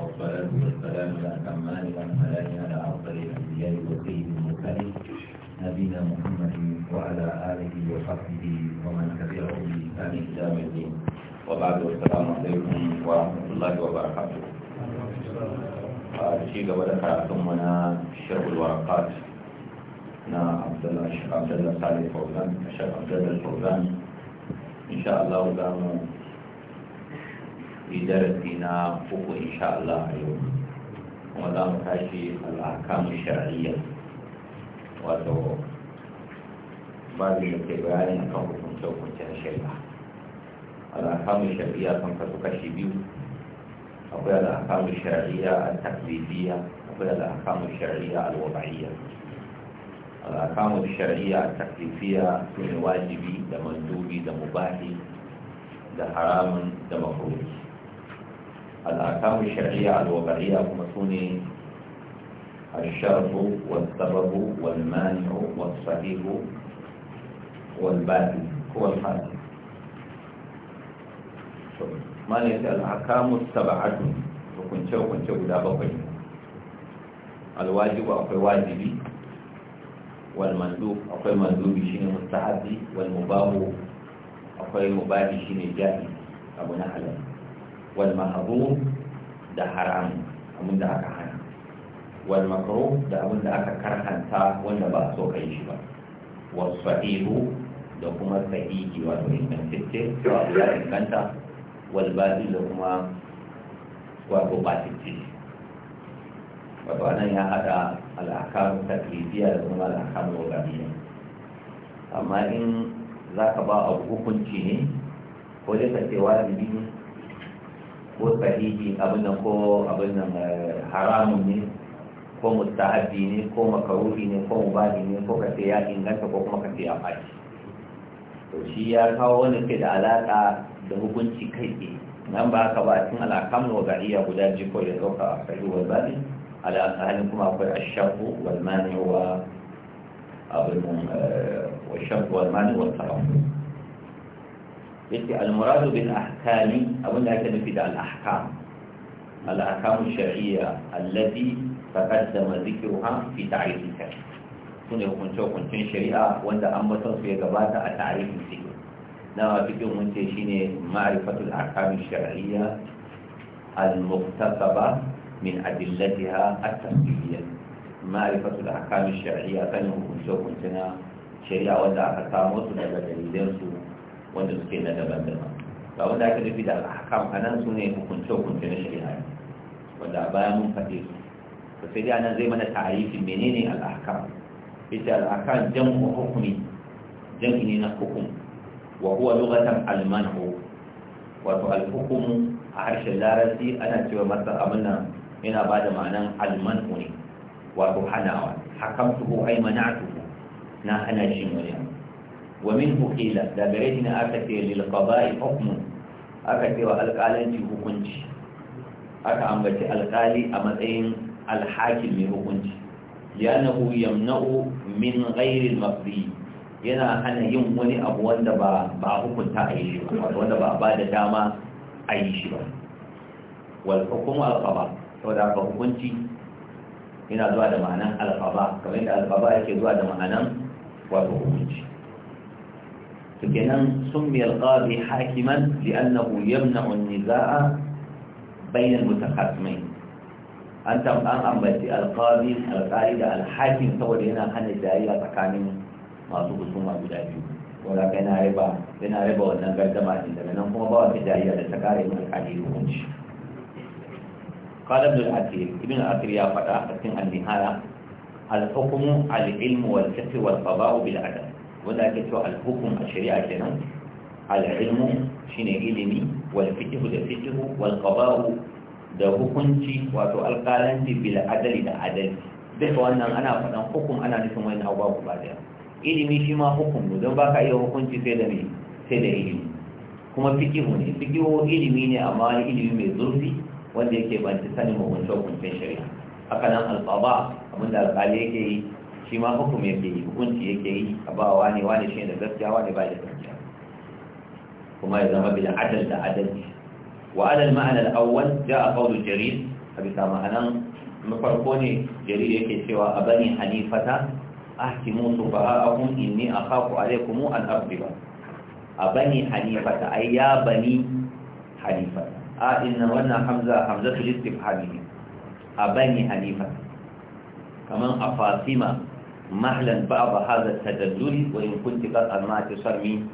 والصلاة والسلام على الأتمان والسلام على أفضل الأنبياء وسيد المرسلين نبينا محمد وعلى آله وصحبه ومن تبعه بإحسان إلى يوم الدين وبعد السلام عليكم ورحمة الله وبركاته شيء قبل أنا شرح الورقات أنا عبد الله الشيخ عبد الله صالح فوزان الشيخ عبد الله الفوزان إن شاء الله دامو في درسنا فوق إن شاء الله اليوم ولم تشي الأحكام الشرعية وتو بعد الكبارين كم كنت كنت شيئا الأحكام الشرعية كم تكشي بيو أقول الأحكام الشرعية التقليدية أقول الأحكام الشرعية الوضعية الأحكام الشرعية التكليفية من واجبي ده مندوبي ده مباحي ده حرام ده مفروض الأحكام الشرعية الوضعية هم الشرط والسبب والمانع والصحيح والباطل هو الحاكم ما ليس الأحكام السبعة وكنت وكنت ودا بقي الواجب أو واجبي والمندوب أو المندوب شيء مستحب والمباح أو المباح شيء جائز أبو نحلم wal mahrum da haram abin da aka hana wal da abin da aka karhanta wanda ba a so kai shi ba was sahihu da kuma sahihi wato ingantacce wato ya inganta wal da kuma wato batacce ya hada al'akamu taklifiya da kuma al'akamu wagariya amma in za ka ba abu hukunci ne ko ko sahihi abin nan ko abin nan eh, haramun ne ko mustahabi ne ko makaruhi ne ko mubahi ne ko kace ya inganta ko kuma kace ya faɗi to shi ya kawo wani ke da alaka da hukunci kai ne nan ba ka ba cikin alakan wa gariya guda ji ko ya dauka a kai wa bani ala asalin kuma akwai ashabu wal mani wa abin eh, wa shabu wal mani wa tarafu yake almuradu bil ahkami abinda ake nufi da al-ahkam shari'a ahkamu shar'iyya allati taqaddama dhikruha fi ta'rif al-kalim sune hukunce hukuncin shari'a wanda an batar su ya gabata a ta'rifin shi. na fiqh mun ce shine ma'rifatul ahkam shari'a al-muktasaba min adillatiha at-tafsiliyya ma'rifatul ahkam shari'a kan hukunce hukuncin shari'a wanda aka samo su daga dalilan su wanda suke na daban daban ba wanda aka nufi da al'akam a nan su ne hukunce hukunce na shari'a wanda a baya mun faɗe su to sai dai nan zai mana ta'arifin menene al'akam ita al'akam jam'u hukumi jam'i ne na hukum wa huwa lughatan al wato al a harshen larabci ana cewa masa abin nan yana ba da ma'anan almanu ne wato hanawa hakamtuhu ai mana'atuhu na hana shi wani abu. wa min hukila da ne aka ce lilqaba'i hukmun aka ce wa hukunci aka ambaci alƙali a matsayin alhakin mai hukunci yanahu yamna'u min ghairil maqdi yana hana yin wani abu wanda ba a hukunta a yi shi ba wanda ba ba da dama a yi shi ba wal hukmu alqaba saboda haka hukunci yana zuwa da ma'anan alqaba kamar yadda alqaba yake zuwa da ma'anan wato hukunci فالجنان سمي القاضي حاكما لأنه يمنع النزاع بين المتخاصمين أنت الآن أم بيتي القاضي القائد الحاكم تولي لنا خان الدائية تكامل ما أصبح سمع بجاجه ولا بين ربا بين ربا وأنا قد ما أجد لأنه هو بوات الدائية لتكاري من الحديد ونش قال ابن العكير ابن العكير يا فتاة أتنها النهاية الحكم على العلم والفقه والقضاء بالعدل wanda ake cewa alhukum a shari'a kenan al'ilmu shine ilimi wal fiqh da fiqh wal qada'u da hukunci wato alqalanti bil adali da adali duk wannan ana faɗan hukum ana nufin wani abu ba ba da ilimi shi ma hukum ne don baka iya hukunci sai da ne sai da ilimi kuma fiqh ne ko ilimi ne amma ilimi mai zurfi wanda yake ta sanin hukuncin shari'a haka nan alqada abinda alqali yake yi shi ma hukum yake yi hukunci yake yi a ba wani wani shi da gaskiya wani ba da gaskiya kuma ya zama bil adal da adalci wa alal ma'ana al-awwal ja'a qawlu jarir a bisa ma'anan na farko ne jarir yake cewa a bani hanifata ahkimu subha'akum inni akhafu alaykum an aqdiba a bani hanifata ay ya bani hanifata a inna wannan hamza hamzatul istifhami a bani hanifata kaman a fatima mahalan ba ba haza tajalluli wa in kunti qad a sarmi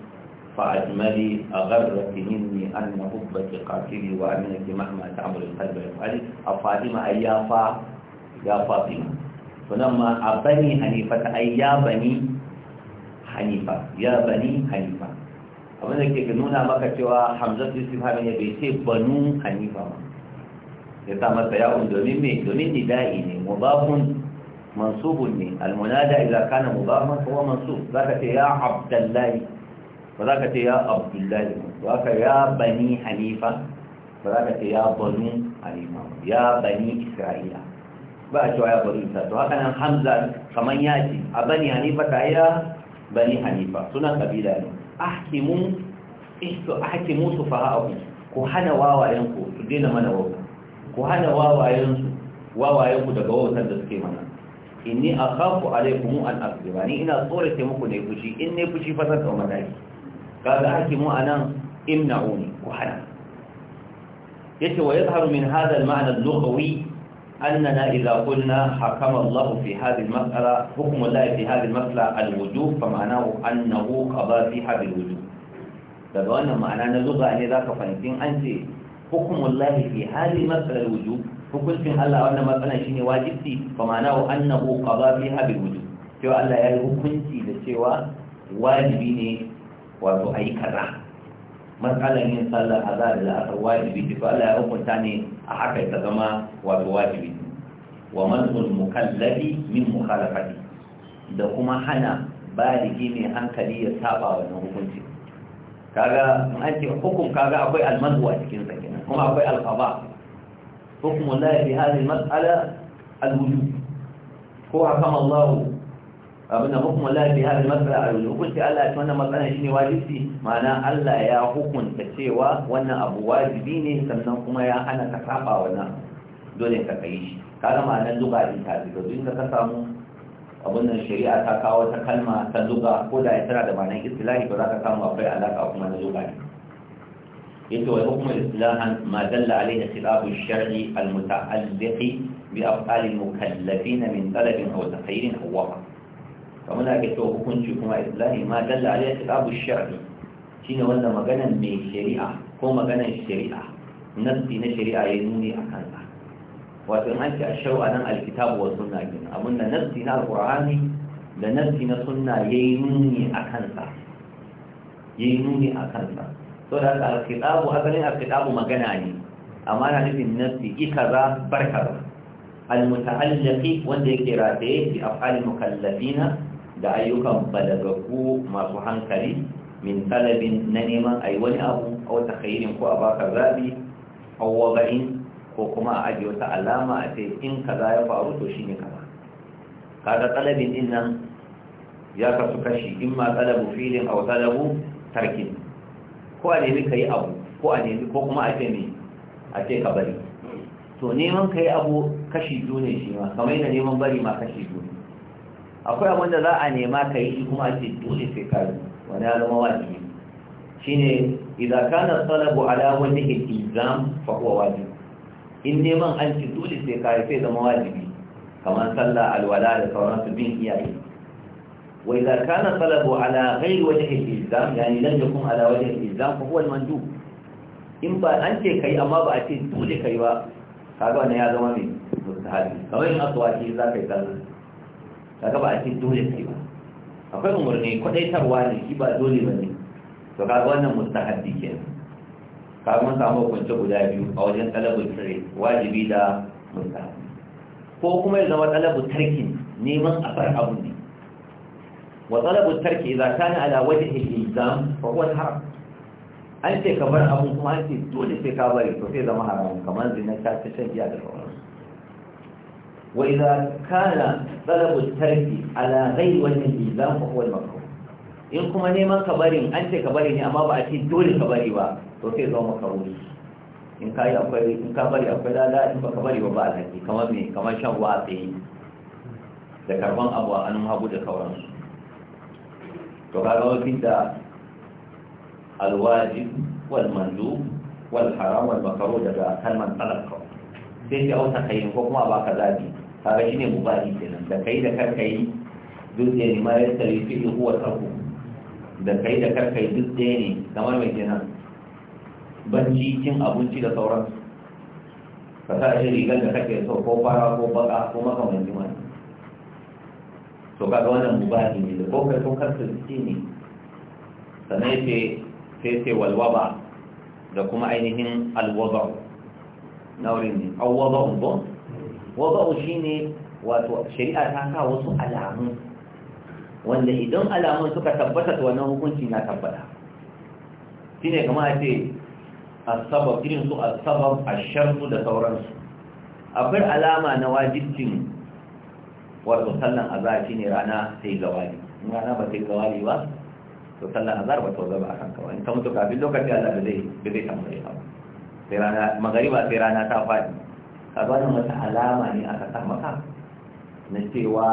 fa ajmali agharrati minni an mahabbati qatili wa annaki mahma ta'mul qalbi al-ali afadima ayyafa ya fatima kunamma abani hanifa ta ayyabani hanifa ya bani hanifa abin da ke nuna maka cewa hamzat istifhami ne bai ce banu hanifa ba ya ta masa ya'un domin me domin nida'i ne mubabun mansubun ne almunada idza kana mudafan huwa mansub zaka ce ya abdullahi ba zaka ce ya abdullahi ba ka ya bani hanifa ba zaka ce ya banu hanifa ya bani isra'ila ba a cewa ya bani to haka hamza kaman ya a bani hanifa ta ya bani hanifa sunan kabila ne ahkimu ihtu ahkimu sufaha'akum ku hana wawayenku daina mana ku hana wawayensu wawayenku daga da suke mana inni akhafu alaykum an azbirani ina tsorata muku ne fushi in ne fushi fa zan kawo mataki kaga hakimu anan imna'uni ku hana yace wa yadhharu min hadha al-ma'na al-lughawi أننا إذا قلنا حكم الله في هذه المسألة حكم الله في هذه المسألة الوجوب فمعناه أنه قضى فيها بالوجوب لذلك معناه لغة أن ذاك فانتين أنت حكم الله في هذه hukuncin Allah wannan matsala shine wajibi fa ma'ana annahu qada fi habil wujub cewa Allah ya yi hukunci da cewa wajibi ne wato ayi kaza matsalan yin sallar azhar da asar wajibi ce to Allah ya hukunta ne a haka ta zama wato wajibi wa manul mukallafi min mukhalafati da kuma hana baligi mai hankali ya saba wannan hukunci kaga an ce hukum kaga akwai almadu a cikin sa kuma akwai alqaba حكم الله في هذه المسألة الوجوب هو حكم الله abinda hukumar lafi har matsala a yanzu hukunci Allah ta wannan matsala shine wajibi ma'ana Allah ya hukunta cewa wannan abu wajibi ne sannan kuma ya hana ka saba wannan dole ka kai shi kaga ma'anar zuga ta zuga duk da ka samu abin nan shari'a ta kawo ta kalma ta zuga ko da tana da ma'anar istilahi ba za ka samu alaka kuma na zuga yake wa hukumar islahan ma dalla da khilafu shar'i al-muta'alliq bi af'al al na min talab aw takhayir aw waqa kamar da ke to hukunci kuma islahi ma da alayhi khilafu shi ne wanda maganan mai shari'a ko maganan shari'a nassi na shari'a ya nuni a kansa wato in an ce a shari'a nan alkitabu wa gina? kenan da nassi na alqur'ani da nassi na suna ya nuni a kansa yayi nuni a kansa so da haka alkitabu asalin alkitabu magana ne amma na nufin nafsi ikaza barkaza almuta'alliqi wanda yake rataye bi afali mukallafina da ayyukan balagaku masu hankali min talabin na neman ayi wani abu wata takhayirin ko a baka zabi aw ko kuma a ajiye wata alama a ce in kaza ya faru to ne kama kaga talabin din nan ya kasu kashi imma talabu filin wata talabu tarkin ko a nemi ka yi abu ko a nemi ko kuma a ce ne a ce ka bari to neman ka yi abu kashi biyu ne shi ma kamar yana neman bari ma kashi biyu akwai abin da za a nema ka yi kuma a ce dole sai ka wani ya zama wajibi ne idan kana talabu ala wajhi ilzam fa huwa wajib in neman an ci dole sai ka yi sai zama wajibi kamar sallah alwala da sauransu bin iyaye وإذا كان طلبه على غير وجه الإلزام يعني لم يكن على وجه الإلزام فهو المندوب إن با أنت كي أما با أتي دول كي با كاغا أنا يا زمامي مستحابي كوين أصواتي إذا كي تلنا كاغا با أتي دول كي با أقول أمرني كدي ترواني كي با دول بني فكاغا أنا مستحابي كي كاغا من سامو كنت قدا بيو أو جن طلب الفريق واجبي دا مستحابي ko kuma ya طلب التركين نيمان أفر أبني wa talabu tarki idza kana ala wajhi al-ilzam haram an ce ka bar abun kuma an ce dole sai ka bari to zama haram kamar zina ta ta shan giya da sauran wa idza kana talabu tarki ala ghayri wajhi al-ilzam in kuma neman ka bari an ce ka bari ne amma ba a ce dole ka bari ba to sai zama in ka bari akwai ka bari kamar a da karban abu a hagu da sauransu to kaga wakilta alwajib wal mandub wal haram wal makaro daga kalman talab kawai sai ka auta kai ko kuma ba ka zabi kaga shine mubahi kenan da kai da kar kai duk da ne ma ya tsari fi huwa tarku da kai da kar kai duk da ne kamar mai kenan banci cin abinci da sauransu ka sa shi rigar da kake so ko fara ko baka ko makamancin wani to kaga wannan mubahi ne da kokar sun kansu ci ne sannan ce sai ce walwaba da kuma ainihin alwaba naurin ne an waba un shi ne wato shari'a ta sa wasu alamu wanda idan alamun suka tabbata to wannan hukunci na tabbata shine kama a ce asbab irin su asbab ashartu da sauransu akwai alama na wajibcin wato sallan azhar shine rana sai gawali in rana ba sai gawali ba to sallan azhar ba ta zaba akan ka in ka mutu kafin lokaci Allah da zai da zai tambaye ka sai rana magariba sai rana ta fadi ka wannan wata alama ne aka sa maka na cewa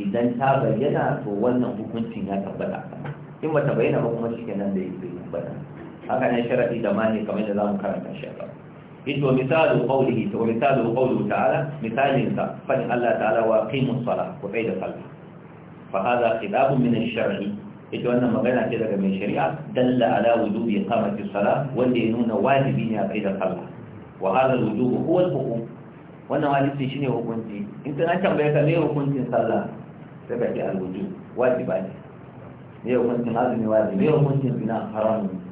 idan ta bayyana to wannan hukuncin ya tabbata in ba ta bayyana ba kuma shi kenan da ya bayyana haka ne sharadi da mani kamar da za mu karanta shi a gaba yace misalu qawlihi wa misalu qawluhu ta'ala misalin sa fa Allah ta'ala wa qimus salah ku tsaya da sallah fa hada khilabun min ash-shar'i ita wannan magana ce daga mai shari'a dalla ala wujubi qamati salah wanda ya nuna wajibi ne a tsaya da sallah wa hada wujubu huwa al-hukum wannan wajibi shine hukunci in kana tambaya ka me hukuncin sallah sai ka ce al-wujub wajibi ne me hukuncin azumi wajibi me hukuncin zina haramun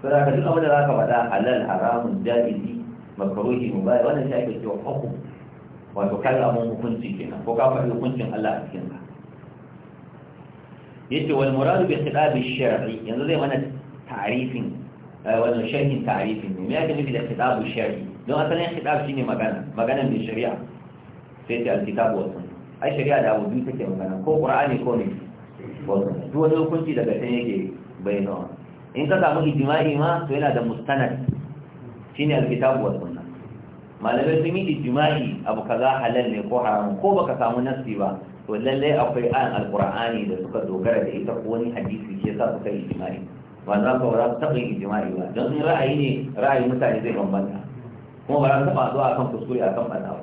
sai ka duk abin da zaka faɗa halal haramun jaizi makaruhi mubayi wannan shi ake cewa hukum wato kalamun hukunci kenan ko ka faɗi hukuncin Allah a cikin ka yace wal muradu bi khilab shari yanzu zai mana ta'rifin eh, wannan sharhin ta'rifin ne me yake nufi da khilab ash-shar'i don asalin khilab shine magana magana mai shari'a sai ta alkitabu kitab wa sunna ai shari'a da abu biyu take magana ko qur'ani ko ne ko duk wani hukunci daga can yake bayyana in ka samu ijma'i ma to yana da mustanad shine alkitabu wa sunna malamai sun yi ijma'i abu kaza halal ne ko haram ko baka samu nasi ba to lallai akwai ayan alqur'ani da suka dogara da ita ko wani hadisi ke sa suka yi ijma'i ba za ka wara taɓa yin ijma'i ba don sun ra'ayi ne ra'ayi mutane zai bambanta kuma ba za taɓa zuwa kan kuskure akan kan ba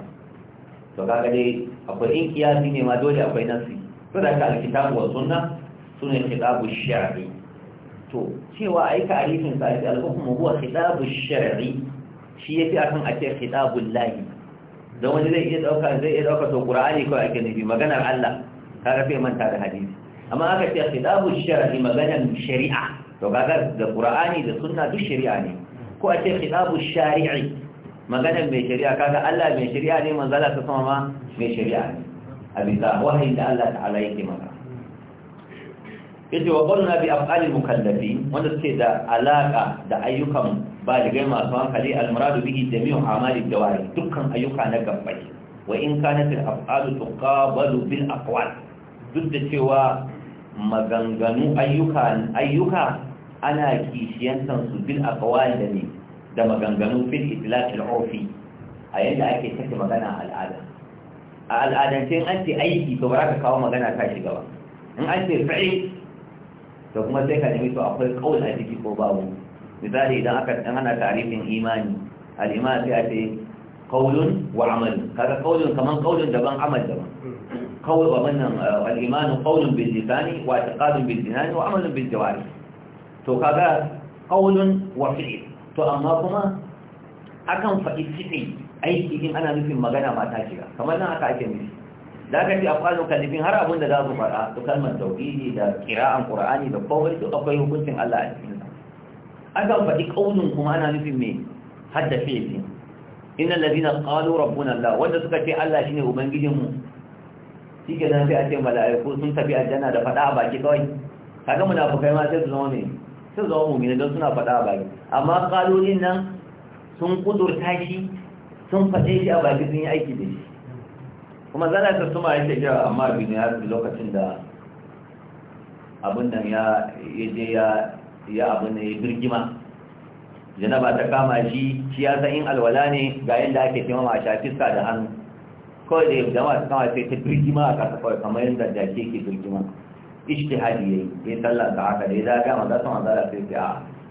to kaga dai akwai in kiyasi ne ma dole akwai nasi to da ka alkitabu wa sunna sunan kitabu shar'i to cewa ai ta'arifin sa ya al-hukmu huwa khitabu shar'i shi ya fi a kan ake khitabu lahi don wani zai iya dauka zai iya dauka to qur'ani ko ake nufi maganar Allah kaga sai manta da hadisi amma aka ce khitabu shar'i maganar shari'a to kaga da ƙura'ani da suna duk shari'a ne ko a ce khitabu shari'i maganar mai shari'a kaga Allah mai shari'a ne manzala ta sama ma mai shari'a ne a bisa wahayin da Allah ta'ala yake maka yace wa qulna bi af'alil mukallafi wanda suke da alaka da ayyukan baligai masu hankali almuradu bihi jami'u amali jawari dukkan ayyuka na gabbai wa in kanat al-af'alu tuqabalu bil aqwal duk da cewa maganganu ayyuka ayyuka ana kishiyantan su bil aqwal da ne da maganganu fil itlaq al-urfi a yadda ake take magana al'ada a al'adance an ce aiki to ba za ka kawo magana ta shiga ba in an ce To kuma sai ka nemi to akwai kaul a ciki ko babu misali idan aka dan ana tarifin imani al-iman sai a ce qaulun wa amal kaga qaulun kaman qaulun daban amal daban qaul wa manan eh, al-iman qaulun bil lisani wa i'tiqadun bil jinani wa amalun bil jawarih to kaga qaulun wa fi'l to amma kuma akan faɗi fi'l aiki in ana nufin magana ba ta shiga kamar nan aka ake nufi da aka ce afalu nufin har abin da za su fara su kalmar tauhidi da kira'an qur'ani da kawai su akwai hukuncin Allah a cikin an ga faɗi kaunin kuma ana nufin me hadda fi'li innal ladina qalu rabbuna Allah wanda suka ce Allah shine ubangijin mu shike nan sai a ce mala'iku sun tafi aljanna da faɗa a baki kawai kaga munafikai ma sai su zama me sai su zama mu'mini don suna faɗa a baki amma qalu nan sun kudurta shi sun faɗe shi a baki sun yi aiki da shi kuma zana ta suma yake jira amma bin ya lokacin da abin nan ya je ya ya abin ne ya birgima janaba ta kama shi shi ya san in alwala ne ga yadda ake taimama a shafiska da hannu kawai da ma ta kama sai ta birgima a kasa kawai kamar yadda da ke ke birgima ishtihadi ya sai sallar ta haka dai zaga maza ta maza sai ta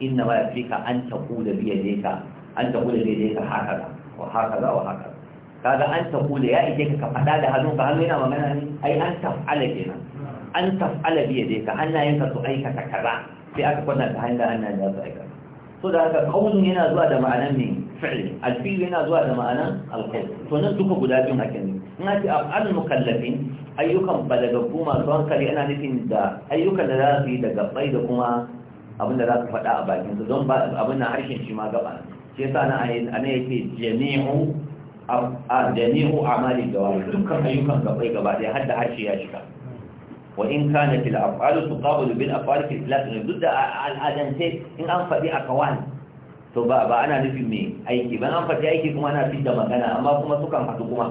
inna ma ka an taqula bi ka an taqula bi ka haka wa haka wa haka kaga an taqula ya ije ka fada da hannu ka hannu yana magana ne ai an taf'ala kenan an taf'ala bi yadayka hannayenka su aikata kaza sai aka kwana ta hanyar hannayen da su aikata so da haka qaulun yana zuwa da ma'anan ne fi'li alfi'l yana zuwa da ma'anan alqaul to nan duka guda biyun hakan ne in ake af'al mukallafin ayyukan balagaggu masu hankali ana nufin da ayyukan da za su yi da gabbai da kuma abin da za su faɗa a bakin su don abin na harshen shi ma gaba shi yasa na a ana yake jami'u a jami'u amali gawa dukkan ayyukan gabai gaba ɗaya har da harshe ya shiga wa in kana fil af'alu tuqabalu bil af'ali fil islam duk da al'adance in an faɗi a akawal to ba ba ana nufin mai aiki ban an faɗi aiki kuma ana fidda magana amma kuma sukan haɗu kuma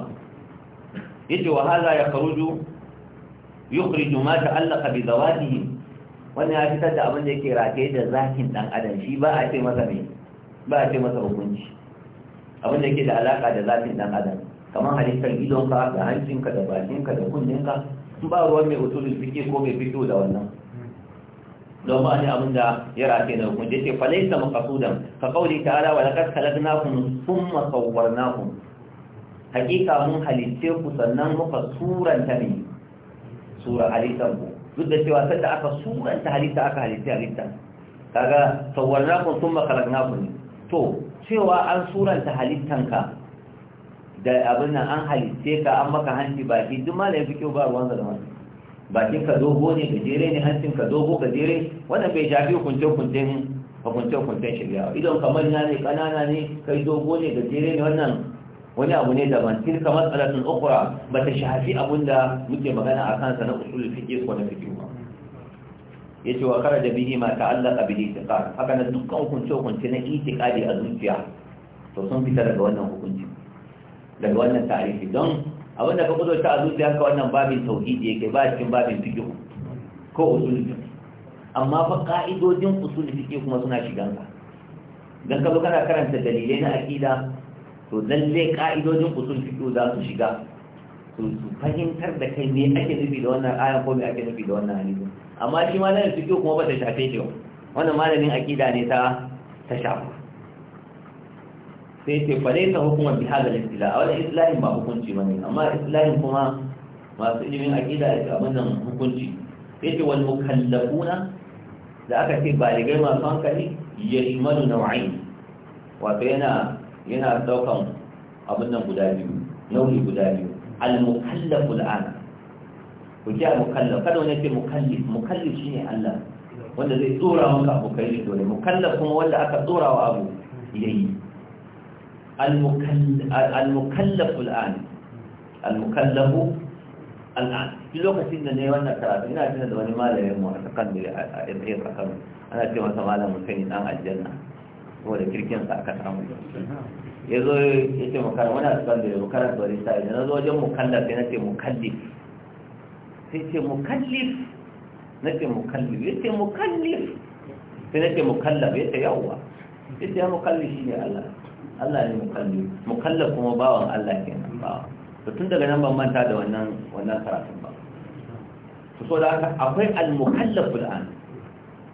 yace wa hadha yakhruju yukhriju ma ta'allaqa bi zawatihi Wani ya fitar da abin da yake rataye da zakin dan adam shi ba a ce masa ne ba a ce masa hukunci abin da ke da alaka da zafin dan adam kamar halittar idonka da hancinka da bakinka da kunninka in ba ruwan mai usulul fiqh ko mai fito da wannan don ba ne abin da ya rafe na hukun da ce falaisa makasudan ka kauri ta ala wadda kan halagnakun sun kun. hakika mun halitce ku sannan muka suranta ne sura halittar ku duk da cewa sanda aka suranta halitta aka halitta halitta kaga kun sun makalagnakun ne to cewa an suranta halittanka da abin nan an halitte ka an maka hanci baki duk ma fi kyau ba ruwan zama bakin ka dogo ne gajere ne hancin ka dogo gajere wannan bai shafi hukunce-hukuncen hukunce-hukuncen shirya idan kamar na ne kanana ne kai dogo ne gajere ne wannan wani abu ne daban tilka matsalatun ukura ba ta shafi abin da muke magana a kansa na usulul fiƙe ko na fiƙe yace wa kharaja bihi ma ta'allaqa bil i'tiqad haka nan dukkan hukunci hukunci na i'tiqadi a zuciya to sun fita daga wannan hukunci daga wannan ta'arifi don abinda ka kudo ta a zuciya ka wannan babin tauhidi yake ba cikin babin fiqh ko usul fiqh amma fa ka'idodin usul fiqh kuma suna shigansa dan ka kana karanta dalilai na aqida to lalle ka'idojin usul fiqh za su shiga su fahimtar da kai ne ake nufi da wannan ayan ko me ake nufi da wannan hadisi amma shi malamin fiqh kuma ba ta shafe shi ba wannan malamin aqida ne ta ta shafa sai ce fa laysa hukuma bi hadha al-istila wala islahin ba hukunci bane amma islahin kuma masu ilimin aqida da abin nan hukunci sai ce wal mukallafuna da aka ce baligai masu hankali ya shimalu nau'ain wato yana yana daukan abin nan guda biyu nau'i guda biyu al-mukallafu al'ana ku ji mukallaf kada wani ce mukallif mukallif ne Allah wanda zai tsora maka abu kai shi dole mukallaf kuma wanda aka tsora wa abu yayi al-mukallaf al-an al-mukallaf al duk lokacin da ne wannan karatu ina tuna da wani malamin mu a sakandare a Ibrahim Kakan ana ce masa malamin kai dan aljanna saboda kirkin sa aka samu ya zo ya ce mukallaf wani a sakandare mukallaf bari sai na zo wajen mukallaf sai na ce mukallaf sai ce mukallif na ce mukallif ya ce mukallif sai na ce mukallaf ya ce yawwa ya ce ya mukallif shi ne Allah Allah ne mukallif mukallaf kuma bawan Allah ke nan bawa to tun daga nan ban manta da wannan wannan karatun ba to so da haka akwai al-mukallaful an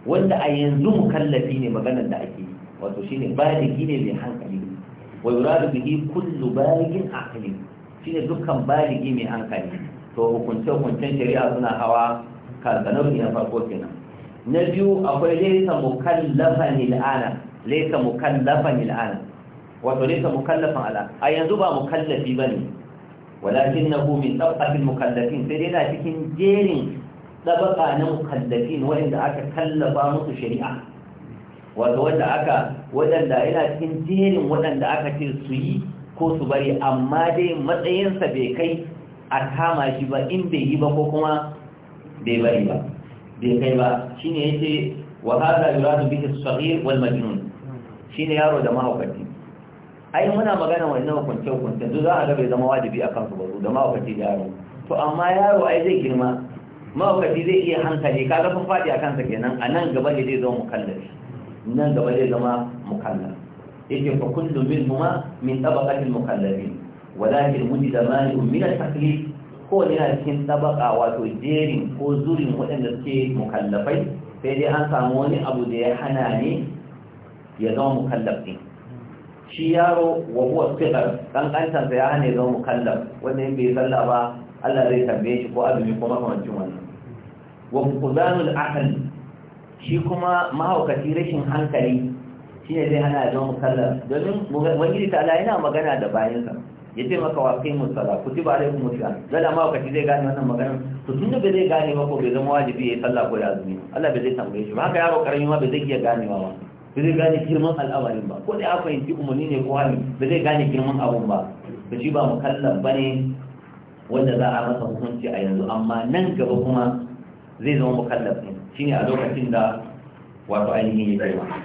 wanda a yanzu mukallafi ne maganar da ake yi wato shine baligi ne mai hankali wa yuradu bihi kullu baligin aqli shine dukkan baligi mai hankali to hukunce-hukuncen shari'a suna hawa kalkanofi na farko kenan na biyu akwai laisa mukallafan il'ana laisa mukallafan il'ana wato laisa mukallafan ala a yanzu ba mukallafi ba ne walakin na min tsabafin mukallafin sai dai na cikin jerin tsabaka na mukallafin waɗanda aka kallafa musu shari'a wato wanda aka waɗanda yana cikin jerin wadanda aka ce su yi ko su bari amma dai matsayinsa bai kai a kama shi ba in bai yi ba ko kuma bai bari ba bai kai ba ne yake wa hadha yuradu bihi as-saghir wal majnun ne yaro da mahaukaci ai muna magana wannan hukunce hukunce duk za a ga bai zama wajibi a kansu ba da mahaukaci da yaro to amma yaro ai zai girma mahaukaci zai iya hankali kaga sun faɗi a kansa kenan a nan gaba ne zai zama mukallafi nan gaba zai zama mukallaf yake fa kullu minhuma min tabaqatil mukallafin walakin wujida mani'un min at-taklif ko yana cikin tabaka wato jerin ko zurin waɗanda suke mukallafai sai dai an samu wani abu da ya hana ne ya zama mukallaf ɗin shi yaro wa huwa fiqar kankantansa ya hana ya zama mukallaf wanda in bai salla ba Allah zai tambaye shi ko azumi ko makamancin wannan wa fuqdanul aql shi kuma mahaukaci rashin hankali shine zai hana ya zama mukallaf domin wani ta Allah yana magana da bayansa ya ce maka waƙi musala ku ci ba alaikum musala zai amma wakaci zai gane wannan maganar to tun da bai zai gane ba ko bai zama wajibi ya yi sallah ko ya zumi Allah bai zai tambaye shi ba haka yaro karami ma bai zai iya ganewa ba ba zai gane girman al'amarin ba ko da ya fahimci umarni ne ko hali bai zai gane girman abun ba ba shi ba mukallaf ba ne wanda za a masa hukunci a yanzu amma nan gaba kuma zai zama mukallaf ne shine a lokacin da wato ainihin ya girma. ma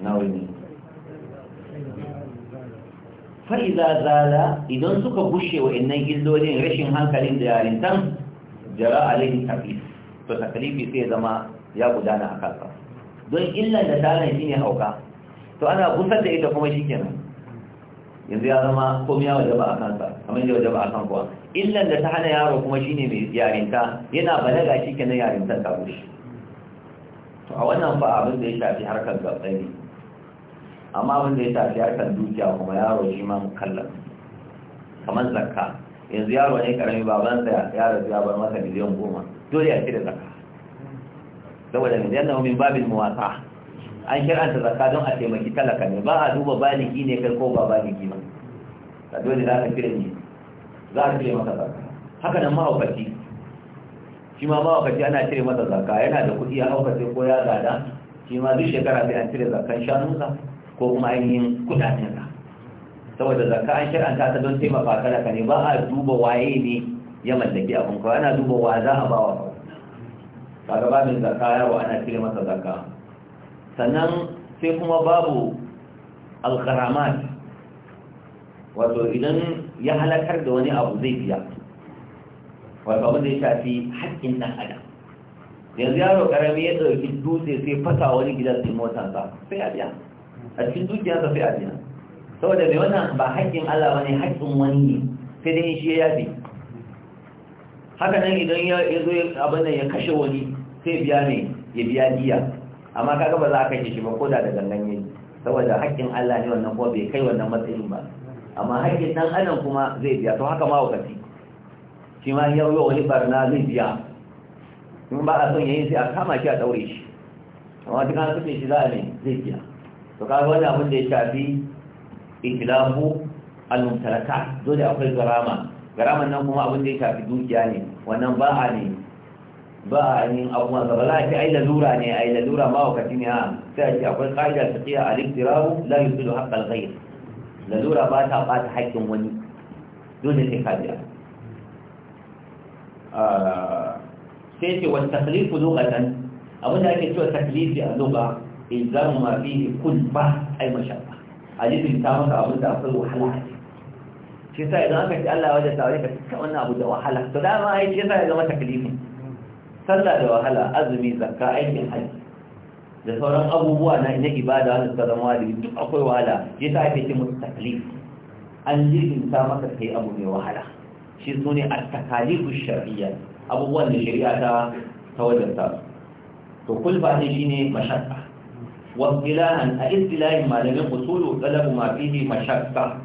na wani fa'iza zala idan suka gushe wa innan illolin rashin hankalin da yarintan jara alayhi taklif to taklifi sai zama ya gudana a kansa don illan da talan shine hauka to ana gusar da ita kuma shikenan yanzu ya zama komai ya wajaba a kansa kamar da wajaba a kan kuwa illan da ta hana yaro kuma shine mai yarinta yana balaga shikenan yarintan ta gushe to a wannan fa abin da ya shafi harkar gabtsani amma abin da ya tafi harkar dukiya kuma yaro shi ma mukallaf kamar zakka yanzu yaro ne karami babansa ya rasu ya bar masa miliyan goma dole ya da zakka saboda miliyan na min babin muwasa an kiranta zakka don a taimaki talaka ne ba a duba baliki ne kai ko ba baliki ba da dole za ka cire ne za a cire masa zakka haka nan ma'aukaci shi ma ma'aukaci ana cire masa zakka yana da kuɗi ya haukace ko ya gada shi ma duk shekara sai an cire zakkan shanunsa ko kuma ainihin kudaden ka saboda zakka an shir'anta ta don taimaka talaka ne ba a duba waye ne ya mallaki abin kawai ana duba wa za a ba wa kaga babin zakka yaro ana cire masa zakka sannan sai kuma babu alkaramat wato idan ya halakar da wani abu zai biya wato abin da ya shafi haƙƙin ɗan adam yanzu yaro ƙarami ya ɗauki dutse sai fasa wani gidan sai motansa sai ya biya a cikin dukiya sai a biya saboda mai wannan ba haƙƙin Allah ba ne, haƙƙin wani ne sai dai shi ya yafe haka nan idan ya zo abin da ya kashe wani sai biya ne ya biya diya amma kaga ba za a kashe shi ba ko da da gangan yayi saboda haƙƙin Allah ne wannan ko bai kai wannan matsayin ba amma haƙƙin dan adam kuma zai biya to haka ma wakati shi ma ya yi wani barna zai biya in ba a son yayin sai a kama shi a daure shi amma duk an kashe shi za a ne zai biya to ka wani abin da ya shafi ikilahu al-mumtalaka dole akwai garama garama nan kuma abin da ya shafi dukiya ne wannan ba a ne ba a ne abuwa gaba za a ce ai lalura ne ai lalura ma wakati ne ha, sai a ce akwai ƙa'idar tafiya a liktirahu la yusilu haƙƙal ghayr lalura ba ta ɓata haƙƙin wani dole sai ka biya ah, sai ce wata taklifu lokacin abin da ake cewa taklifi a lokacin idan ma ba ai ay mashaqqa hadisin ta maka abin da akwai wahala a ciki shi yasa idan aka ce Allah wajen wajata wani ka cika wannan abu da wahala to dama ai shi sa ya zama taklifi sallah da wahala azumi zakka aikin hajji da sauran abubuwa na ina ibada wanda suka zama wajibi duk akwai wahala yasa ake ce musu taklif an ta maka kai abu mai wahala shi su ne a takalifu shari'a abubuwan da shari'a ta ta wajenta to kulba ne shi ne mashaka wasilahan a istilahin malamin usulu talabu ma fihi mashaqqa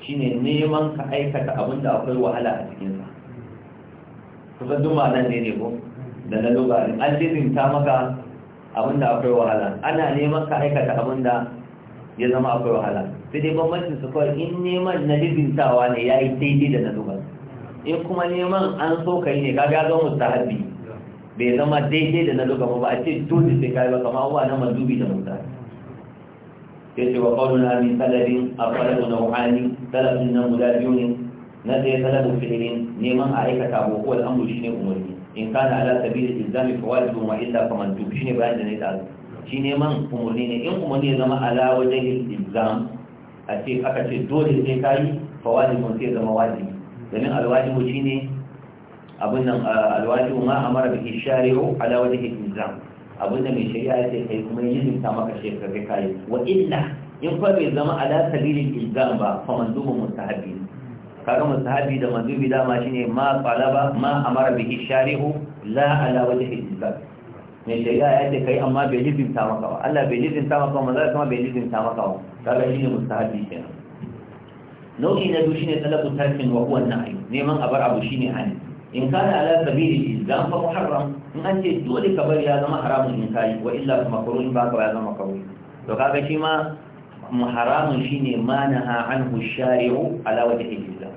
shine neman ka aikata abin da akwai wahala a cikin sa kusa duma nan ne ne ko da na lugarin an ta maka abin da akwai wahala ana neman ka aikata abin da ya zama akwai wahala sai dai bambancin su kawai in neman na lizintawa ne ya yi daidai da na lugarin in kuma neman an so ka yi ne kaga ya mustahabi bai zama daidai da na duka ba a ce dole sai kai ba kama uwa na mandubi da mutar ke ce wa kawuna min talabin a falabu na wuhani talabin na guda biyu ne na ɗaya talabu filin neman a aikata ko kowal amur shi ne umarni in kana ala sabili ilzami fawajibu ma illa fa mandub shi ne bayan da ne yi tsaro shi neman umarni ne in umarni ya zama ala wajen izam a ce aka ce dole sai kayi fawajibun sai zama wajibi domin alwajibu shi ne abin nan alwajibu ma amara bihi shari'u ala wajhi al-ilzam abin da mai shari'a ce kai kuma yin ta maka shekar kai kai wa illa in fa bai zama ala sabilil ilzam ba fa manzubun mustahabi kaga mustahabi da manzubi dama shine ma talaba ma amara bihi shari'u la ala wajhi al-ilzam mai shari'a ya ce kai amma bai ta maka ba Allah bai ta maka ba Maza kuma bai ta maka ba kaga shine mustahabi kenan nau'i na biyu shine talabu tarkin wa huwa na'i neman abar abu shine hani in kana ala sabili ilzam fa muharram in an ce dole ka bari ya zama haramun in kai wa illa kuma kurun ba ka ya zama kawai to kaga shi ma haramun shine manaha anhu shari'u ala wajhi ilzam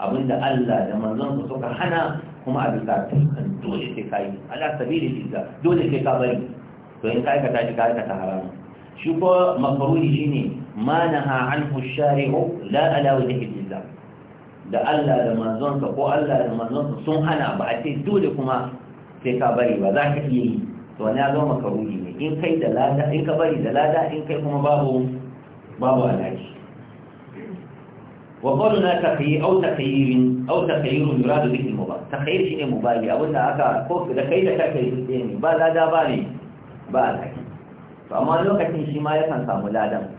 abinda Allah da manzon suka hana kuma a bisa dukkan dole sai kai ala sabili ilzam dole sai ka bari to in kai ka tashi ka aikata haramun shi ko makruhi shine manaha anhu shari'u la ala wa wajhi ilzam da Allah da manzonsa ko Allah da manzonsa sun hana ba a ce dole kuma sai ka bari ba za ka iya yi to wani ya maka ruhi ne in kai da lada in ka bari da lada in kai kuma babu babu alaji wa qawluna taqyi aw taqyirin aw taqyirun yuradu bihi mubal mubah taqyir shine mubali abunda aka ko da kai da kai ne ba lada ba ne ba alaji to amma lokacin shi ma yakan samu ladan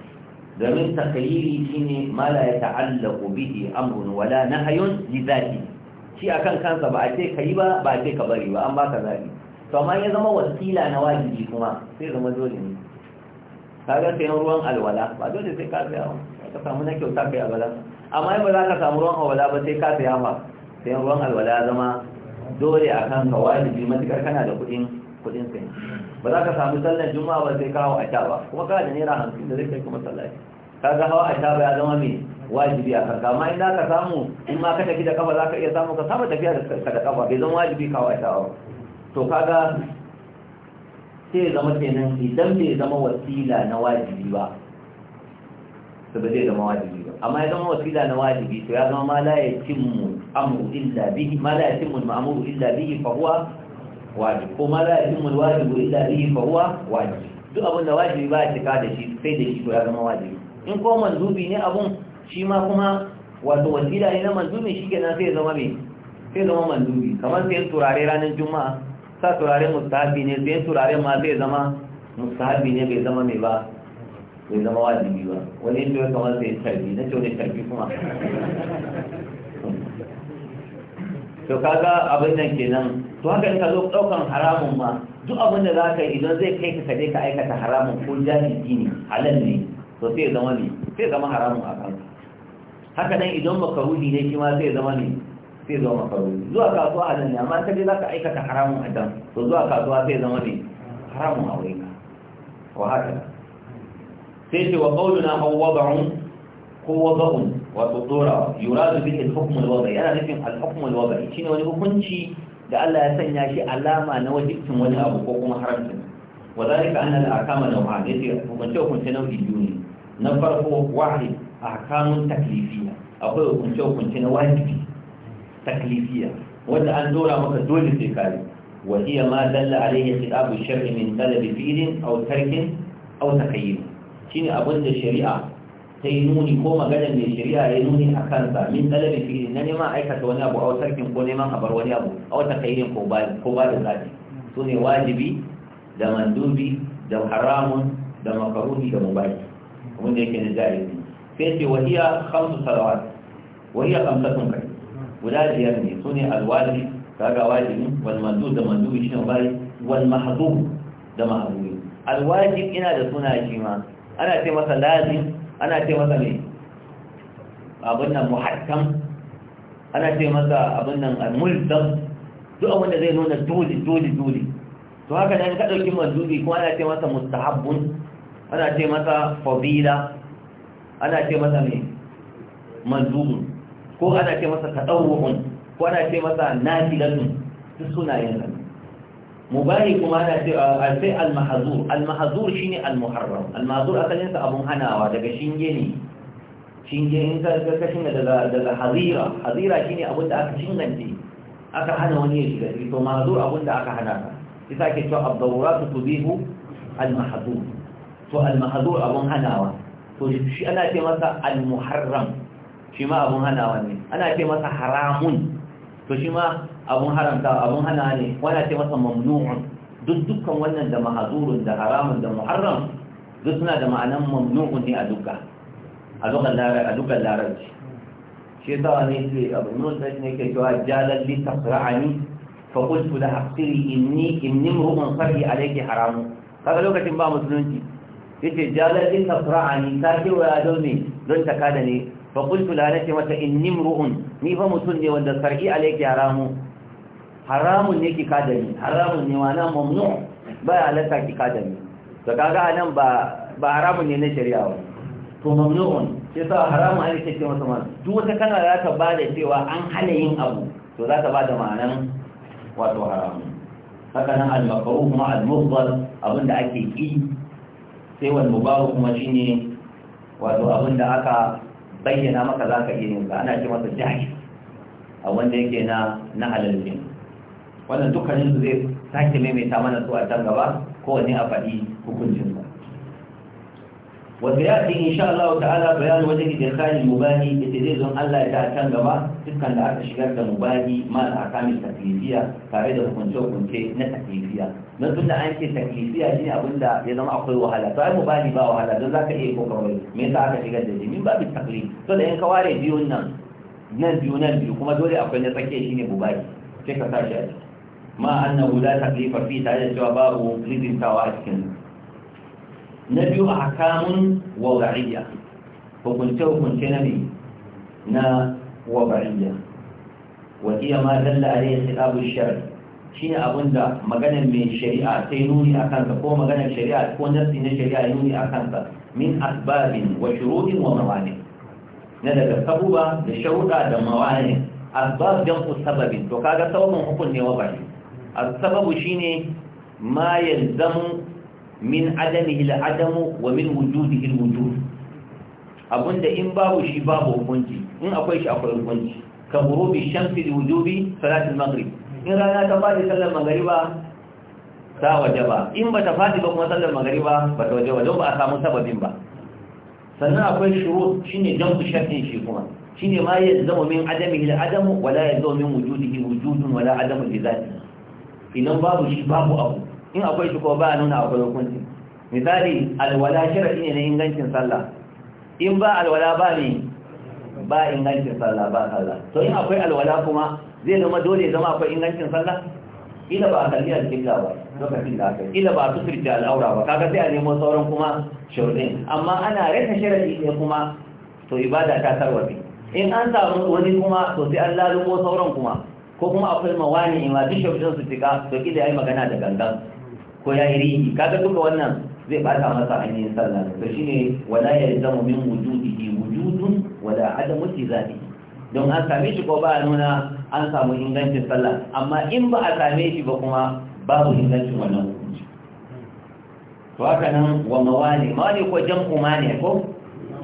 domin takayiri shine ma la yata'allaqu bihi amrun wala nahyun li dhati shi akan kansa ba a ce kai ba ba a ce ka bari ba an baka zabi to amma ya zama wasila na wajibi kuma sai zama dole ne kaga sai ruwan alwala ba dole sai ka tsaya ka samu na kyauta kai a bala amma in ba za ka samu ruwan alwala ba sai ka tsaya ba sai ruwan alwala zama dole akan ka wajibi matukar kana da kudin kudin sai ba za ka samu sallar juma'a ba sai kawo a ba kuma kana da naira hamsin da zai kai kuma sallar ka ga hawa a ba ya zama mai wajibi a kanka amma in za ka samu in ma ka tafi da kafa za ka iya samu ka saba tafiya da da kafa bai zama wajibi kawo a ba to ka ga sai zama kenan idan bai zama wasila na wajibi ba to ba zai zama wajibi ba amma ya zama wasila na wajibi to ya zama ma la mu amru illa bihi ma la cin mu amru illa bihi fa huwa wajib kuma la yatimmu alwajibu illa bihi fa huwa wajib duk abin da wajibi ba ya cika da shi sai da shi to ya zama wajibi in ko manzubi ne abun shi ma kuma wato wasila ne na manzubi shi kenan sai ya zama me sai zama manzubi kamar sai turare ranar juma'a sa turare mustahabi ne sai turare ma sai zama mustahabi ne bai zama mai ba bai zama wajibi ba wani yadda ya kamar sai tarbi na ce wani tarbi kuma to kaga abin nan kenan to haka in ka zo daukan haramun ma duk abin da zaka yi idan zai kai ka kaje ka aikata haramun ko jahili ne halal ne to sai zama ne sai zama haramun a kan haka nan idan ruhi ne shi ma sai zama ne sai zama makaruhi zuwa kasuwa a ne amma kaje zaka aikata haramun a dan to zuwa kasuwa sai zama ne haramun a ka wa haka sai ce wa qauluna hawwada'un ko wada'un wato tsora yuradu bihi al-hukm al-wada'i ana nufin al-hukm al-wada'i shine wani hukunci da Allah ya sanya shi alama na wajibcin wani abu ko kuma haramcin wadalika anna al-ahkama naw'an yace hukunce hukunce nau'i biyu ne na farko wahid ahkamun taklifiyya akwai hukunce hukunce na wajibi taklifiyya wanda an dora maka dole sai kare wa hiya ma dalla alayhi khitabu shar'i min talabi fi'lin aw tarkin aw takayyun shine abin da shari'a ta sai nuni ko maganar mai shari'a ya nuni a kansa min talabi fi na neman aikata wani abu a sarkin ko neman a bar wani abu a wata kairin ko ba da zaɓi su ne wajibi da mandubi da haramun da makaruni da mubaki wanda yake na jari sai ce wahiya hamsu salawat wahiya hamsatun kai guda biyar ne su ne alwajib kaga wajibin wal mandub da mandubi shi ne bai wal mahzub da mahzub alwajib ina da suna shi ma ana ce masa lazim ana ce masa ne abin nan muhakkam ana ce masa abin nan al duk abin da zai nuna dole dole dole to haka nan ka dauki manzubi kuma ana ce masa mustahabbun ana ce masa fadila ana ce masa ne manzubun ko ana ce masa tadawwun ko ana ce masa nafilatun duk sunayen nan mubahi kuma ana cewa sai al-mahzur al-mahzur shine al-muharram al-mahzur asalin sa abun hanawa daga shinge ne shinge in ka ka shinge daga daga hazira hazira shine abun da aka shingante aka hana wani ya shiga to mahzur abun da aka hana ka yasa ke cewa ad-dawrat tubihu al-mahzur to al-mahzur abun hanawa to shi ana ce masa al-muharram shi ma abun hanawa ne ana ce masa haramun to shi ma abun haramta abun hana ne wani ce masa mamnu'un duk dukkan wannan da mahazurun da haramun da muharram duk suna da ma'anan mamnu'un ne a duka a dukkan larabci shi yasa ne ce abu nun sai ne ke cewa jalal li tasra'ani fa qultu la haqiri inni inni mru'un sarri alayki haramu kaga lokacin ba musulunci yace jalal li tasra'ani ta ce wa yado ne don ta kada ne fa qultu la nake mata inni mru'un ni fa mutun ne wanda sarri alayki haramu haramun ne ki ni haramun ne wa nan mamnu ba halatta ki ni to kaga anan ba ba haramun ne na shari'a ba to mamnu'un sai sa haramun ai take masa ma duk wata kana za ta ba da cewa an hana yin abu to za ta ba da ma'anan wato haramun haka nan al-makruh ma al-mufdal abinda ake ki sai wal mubahu kuma shine wato abinda aka bayyana maka zaka yi ne ana ce masa jahil a wanda yake na na halalin wannan dukkanin su zai sake maimaita mana su a can gaba ko kowanne a faɗi hukuncin sa wanda ya ce insha Allah ta'ala bayan wajen da kani mubahi ita zai don Allah ya ta can gaba dukkan da aka shigar da mubahi ma da akamin taklifiya tare da hukunce hukunce na taklifiya don tun da an ce taklifiya shine abin da ya zama akwai wahala to ai mubahi ba wahala don za ka iya ko kawai me yasa aka shigar da shi min babu taklif to da 'yan ka ware biyun nan nan biyu nan biyu kuma dole akwai na tsakiya shine mubahi sai ka sa shi a ciki ma annahu la taklifa fi ta da cewa babu lizintawa a cikin na biyu a hakamun wawra'iyya hukunce hukunce na biyu na wawra'iyya ma iya ma dalla alayhi khilabu Shi ne abinda maganar mai shari'a sai nuni a kansa ko maganar shari'a ko nassi na shari'a nuni a kansa min asbabin wa shuruɗin wa mawani na daga sabuwa da sharuɗa da mawani asbab ku sababin to kaga sababin hukun ne wa bari السبب شيني ما يلزم من عدمه العدم ومن وجوده الوجود abunda in babu shi babu hukunci in akwai shi akwai hukunci ka gurubi shamsi da wujubi salatul maghrib in rana ta fadi sallar magariba ta waje ba in ba ta fadi ba kuma sallar magariba ba ta waje ba don ba a samu sababin ba sannan akwai shuru shine jamsu shartin shi kuma shine ma ya zama min adamihi ila adamu wala ya zama min wujudihi wujudun wala adamu bi zatihi idan babu shi babu abu in akwai shi ko ba a nuna akwai hukunci misali alwala sharaɗi ne na ingancin sallah in ba alwala ba ne ba ingancin sallah ba sallah to in akwai alwala kuma zai zama dole zama akwai ingancin sallah ila ba a kalli alƙilla ba lokacin da aka ila ba a tufirce al'aura ba kaga sai a nemo sauran kuma shaudin amma ana rasa sharaɗi ne kuma to ibada ta tarwafi in an samu wani kuma to sai an lalubo sauran kuma ko kuma akwai mawani in wajen shafi su fika to kila yi magana da gangan ko ya yi rigi kaga duka wannan zai bata masa ainihin sallah to ne wala zama min wujudihi wujudun wala adamu tizati don an same shi ko ba a nuna an samu ingancin sallah amma in ba a same shi ba kuma babu ingancin wannan hukunci to haka nan wa mawani mawani ko jam'u mani ko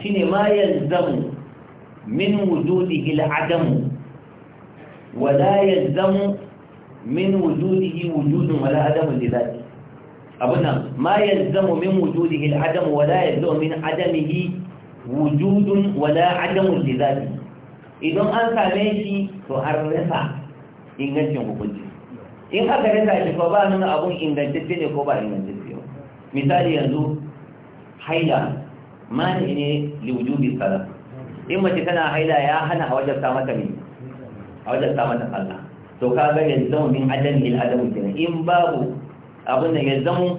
shine ma yalzamu min wujudi ila adamu wala yalzamu min wujudihi wujudun adamu li zati idan an same shi to an rasa ingancin hukunci in aka rasa shi ko ba nuna abun ingantacce ne ko ba ingantacce ba misali yanzu haila mani ne liwujubi sala in mace tana haila ya hana a wajen mata mai a wajen samun da Allah, to ka ga ya zama min adam il adam kenan in babu abin da ya zama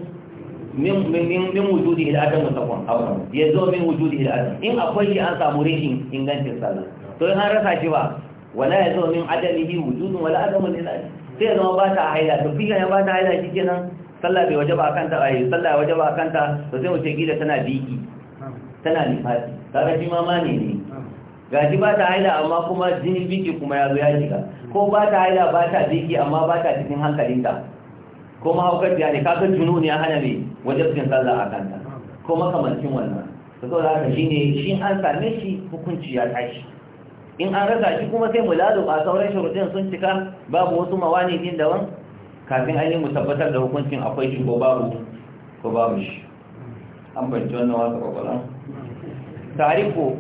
min min min wujudi il adam mutakon abu ya zama min wujudi il adam in akwai shi an samu rashin ingancin sallah to in an rasa shi ba wala ya zama min adamihi wujudun wala adam il adam sai ya zama ba ta haila to fiye ya ba ta haila shi kenan sallah bai waje ba kanta eh, ai sallah waje ba kanta to sai mu ce gida tana biki tana nifasi kaga shi ma mani ne gaji ba ta haila amma kuma jini biki kuma ya zo ya shiga ko ba ta haila ba ta biki amma ba ta cikin hankalinta ko ya ne kaga junu ne ya hana ne wajen cikin sallah a kanta ko makamancin wannan su zo da shi ne shi an same shi hukunci ya tashi in an raka shi kuma sai mu a sauran shirutun sun cika babu wasu mawani din daban kafin ainihin mu tabbatar da hukuncin akwai shi ko babu ko babu shi an bayyana wannan wasu kwakwalan tarifu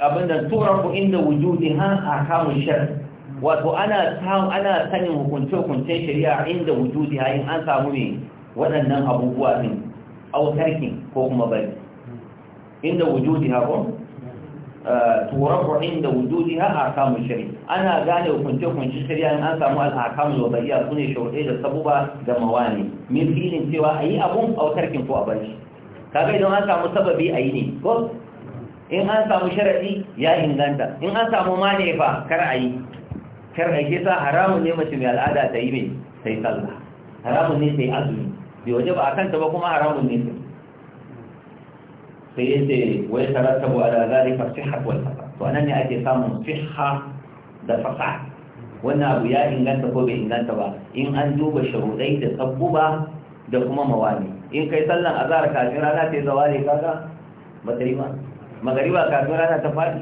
abin da turaku inda wujudi ha kamun shar wato ana ana sanin hukunce-hukuncen shari'a inda wujudi ha in an samu ne waɗannan abubuwa ne autarkin ko kuma bari inda wujudi ko eh, turaku inda wujudi ha a kamun shari'a ana gane hukunce-hukuncen shari'a in an samu al'akamun wabariya su ne shaurɗe da sabuba da mawani min filin cewa ayi yi abun autarkin ko a bari kaga idan an samu sababi ayi ne ko in an samu sharadi ya inganta in an samu mane fa kar a yi kar a yi sa haramun ne mace mai al'ada ta yi mai sai sallah haramun ne sai azumi bai waje ba a kanta ba kuma haramun ne sai ya ce wai tarattabu ala zalika sihhat wal fasad to anan ne ake samun sihha da fasad wannan abu ya inganta ko bai inganta ba in an duba sharuɗai da sabbuba da kuma mawani in kai sallan azhar kafin rana ta zawale kaga ba ta yi ba magariba kafin rana ta faɗi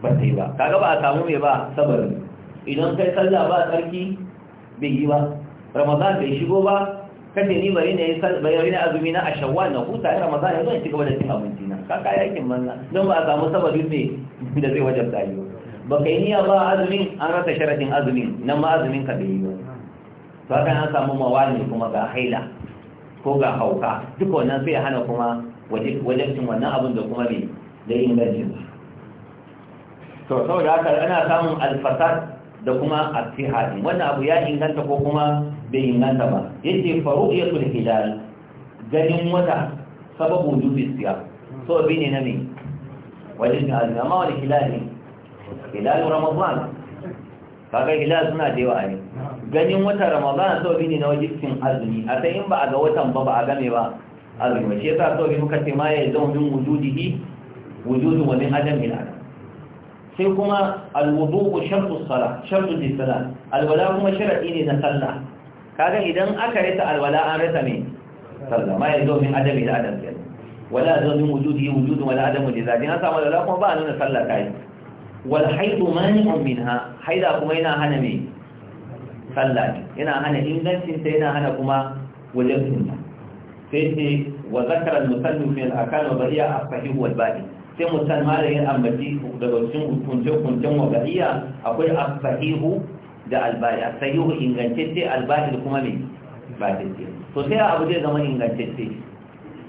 ba ta yi ba kaga ba a samu mai ba sabarin idan kai sallah ba tsarki bai yi ba ramadan bai shigo ba kace ni bari ne bari ne azumi na a shawwal na huta ya ramadan yanzu in ci gaba da cin abinci na kaka yakin manna don ba a samu sabarin ne da zai wajen tsayi ba kai niyya ba azumin an rasa sharadin azumin nan ma azumin ka bai yi ba to haka an samu mawani kuma ga haila ko ga hauka duk wannan sai ya hana kuma wajen cin wannan abin da kuma ne da ba to saboda haka ana samun alfasar da kuma asihadi wannan abu ya inganta ko kuma bai inganta ba yace faru'iyatul hilal ganin wata sababu wujubi siya so bi ne na me wajen da azumi amma wani hilal ne hilal ramadan kaga hilal suna da yawa ne ganin wata ramadan so bi ne na wajibcin azumi a sai in ba a ga watan ba ba a game ba azumi shi yasa so bi muka ce ma ya zama min wujudihi wujudun wani adam min adam sai kuma alwudu shartu sala shartu lisala alwala kuma sharadi ne na sallah kaga idan aka rasa alwala an rasa me sallah ma yanzu min adam min adam wala zan wujudi wujudun wala adam jazabin an samu ba a nuna sallah kai wal haidu mani'un minha haida kuma yana hana me sallah yana hana ingancin sai yana hana kuma wajen sai musamman da yin ambaci daga cikin kunce-kuncen wagariya akwai asahihu da albari asahihu ingantacce albari kuma ne ba dace to sai abu zai zama ingantacce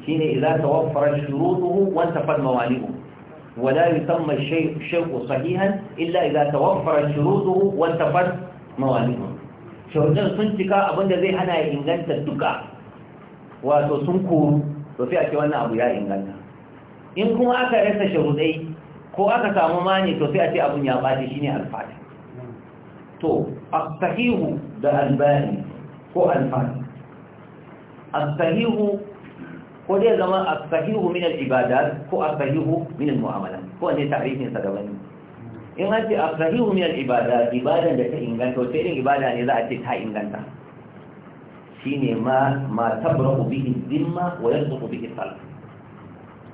shine idza tawaffara shurutuhu wa tafad mawani'u wa la yusamma shaiku sahihan illa idza tawaffara shurutuhu wa tafad mawani'u shurutun sun cika abin da zai hana ya inganta duka wato sun koru to sai a ce wannan abu ya inganta in kuma aka rasa sharuɗai ko aka samu mani to sai a ce abin ya ɓace shine alfati to a sahihu da albani ko alfati a sahihu ko dai zama a sahihu min al ko a sahihu min al ko ne tarihin sa gaban in an ce as-sahihu min al-ibadat da ta inganta wace irin ibada ne za a ce ta inganta shine ma ma tabrahu bihi zimma wa yasduqu bihi al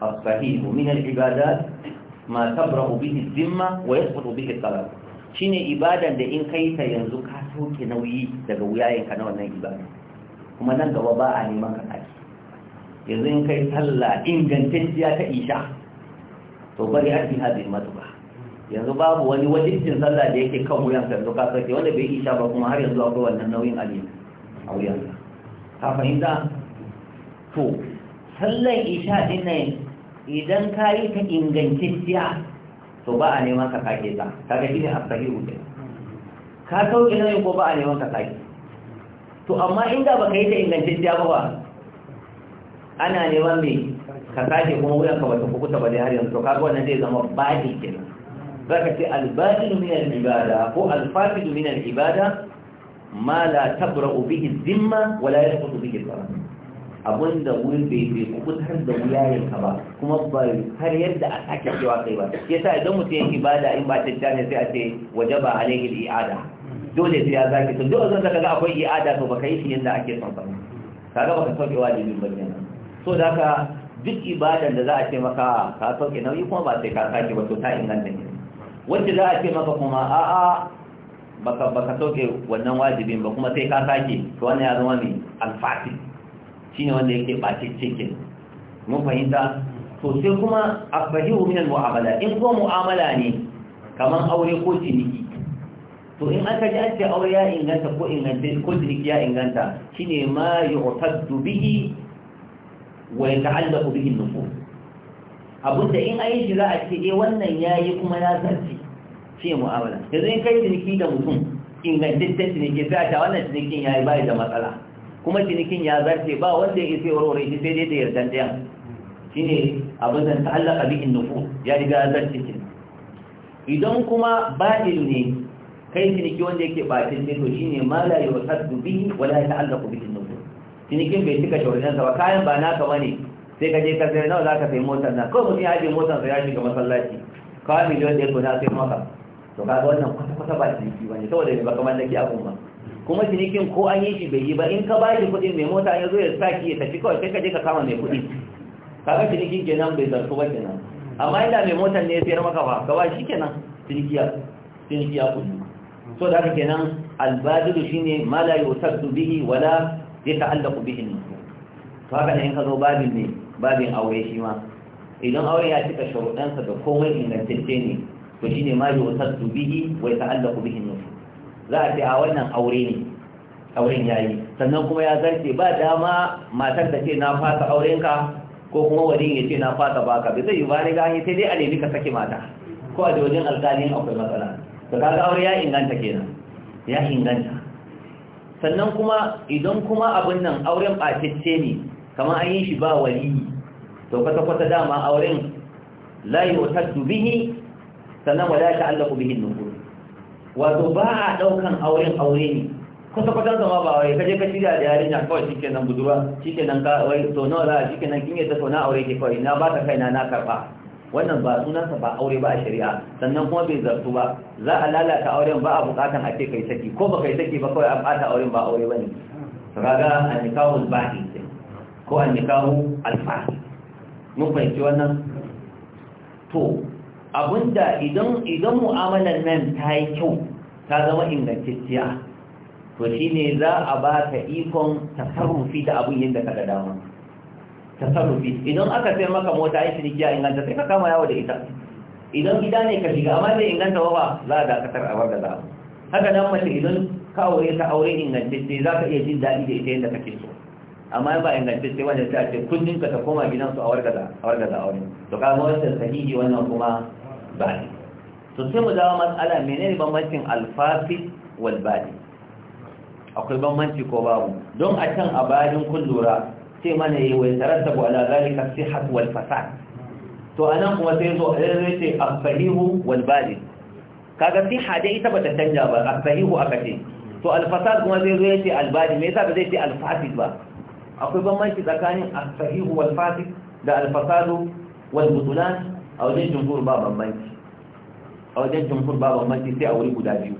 as-sahih min al-ibadat ma tabra'u bihi dhimma wa yasqutu bihi al-qalb shine ibadan da in kai ta yanzu ka soke nauyi daga wuyayenka na wannan ibada kuma nan gaba ba a neman ka sake yanzu in kai sallah ta isha to bari yanzu babu wani wajibcin sallah da yake kan wuyanka yanzu ka sake wanda bai isha ba kuma har yanzu akwai wannan nauyin ali a wuyanka ka fahimta to sallan isha din nan idan ka yi ta ingantacciya to ba a neman ka kake ta kaga shi ne a sahihu ne ka sauke nauyi ko ba a neman ka kake to amma inda ba ka yi ta ingantacciya ba ba ana neman mai ka kake kuma wuyan ka wata kukuta ba zai har yanzu to kaga wannan zai zama baɗi kenan za ka ce albaɗin minan ibada ko alfafidu minan ibada ma la tabra'u bihi zimma wala yasqutu bihi salat abinda da bai bai kubutar da wuyayen ka ba kuma bai har yadda a sake cewa kai ba yasa idan mutum yake ibada in ba ta ne sai a ce waje ba alaihi i'ada dole sai ya zaki to dole zan ga akwai i'ada to baka yi shi yadda ake son ba kaga baka sauke wajibin ba ne so da ka duk ibadan da za a ce maka ka sauke nauyi kuma ba sai ka sake ba to ta inganta ne wacce za a ce maka kuma a'a baka baka sauke wannan wajibin ba kuma sai ka sake to wannan ya zama mai alfasi Shi ne wanda yake bace cikin mun fahimta to sai kuma abahihu min mu'amala. in ko mu'amala ne kamar aure ko ciniki to in aka ji an aure ya inganta ko inganta ko ciniki ya inganta shine ma yu'taddu bihi wa yata'allaqu bihi an nufo. abinda in ayi shi za a ce eh wannan ya yi kuma ya zarce shi ne mu'amala yanzu in kai ciniki da mutum ingantattun ciniki sai a ta wannan cinikin ya yayi bai da matsala kuma cinikin ya zarce ba wanda ya sai warware shi sai dai da yardan ɗaya shine abin da ta'allaka bihin nufu ya riga ya zarce shi idan kuma batil ne kai ciniki wanda yake batil ne to shine ma la yusaddu bihi wa la ta'allaqu bihin nufu cinikin bai cika shawarin sa ba kayan ba naka bane sai ka je ka sai nawa zaka sai motar nan kawai mutum ya je motar sa ya shiga masallaci kawai miliyan ɗaya ko na sai maka to kaga wannan kwata kwata ba ciniki ba ne saboda ba kamar da ke abun ba kuma cinikin ko an yi shi bai yi ba in ka ba shi kuɗin mai mota ya zo ya sa ki ya tafi kawai sai ka je ka kama mai kuɗi kaga cinikin kenan bai zartu ba kenan amma inda mai motar ne ya sayar maka ba gaba shi kenan cinikiya ya ciniki kuɗi so da haka kenan albadilu shine ma la yusaddu bihi wala yata'allaqu bihi to haka ne in ka zo babin ne babin aure shi ma idan aure ya cika shuruɗansa da komai ingantacce ne to shine ma yusaddu bihi wa yata'allaqu bihi nufu za a ce a wannan aure ne auren yayi sannan kuma ya zarce ba dama matar da ce na fasa aurenka ko kuma wani ya ce na fasa baka bai zai yi ba ne gani sai dai a nemi ka sake mata ko a wajen alƙalin akwai matsala to kaga aure ya inganta kenan ya inganta sannan kuma idan kuma abin nan auren ɓacicce ne kamar an yi shi ba wali to kwata-kwata dama auren la yi wata dubihi sannan wa ta allaku bihin nuku wato ba a ɗaukan auren aure ne kusa kwatar zama ba wai kaje ka shirya da yarinya kawai shi kenan budurwa shi kenan ka wai to nawa za a shi kenan kin yadda ta na aure ke kawai na ba ta kaina na karɓa wannan ba sunansa ba aure ba a shari'a sannan kuma bai zartu ba za a lalata auren ba a bukatan a ce kai saki ko ba kai saki ba kawai a bata auren ba aure ba ne kaga an nikahu al ko an nikahu al mun fahimci wannan to abinda idan idan mu'amalar nan ta yi kyau ta zama ingantacciya to shi ne za a ba ka ikon tasarrufi da abin yadda ka kada dama tasarrufi idan aka sayar maka mota ai ciniki inganta sai ka kama yawo da ita idan gida ne ka shiga amma bai inganta wawa ba za a dakatar a warga za haka nan mace idan ka aure ka aure ingantacce za ka iya jin daɗi da ita yadda kake so amma ba ingantacce wanda ta ce kullun ka ta koma gidansu a wargaza a wargaza a wurin to ka ga wannan sahihi wannan kuma ba ne to sai mu dawo matsala menene bambancin alfafi wal badi akwai bambanci ko babu don a can a bayan kun lura sai mana yi wai tarattabu ala zalika sihhat wal fasad to anan kuma sai zo zai eh, ce afahihu wal badi kaga sihha dai ita bata canja ba afahihu aka ce to al fasad kuma sai zo yace al badi me yasa ba zai ce al fasid ba akwai bambanci tsakanin al sahihu wal fasik da al-fasadu wal butulan a wajen jumhur ba bambanci a wajen jumhur ba bambanci sai a wuri guda biyu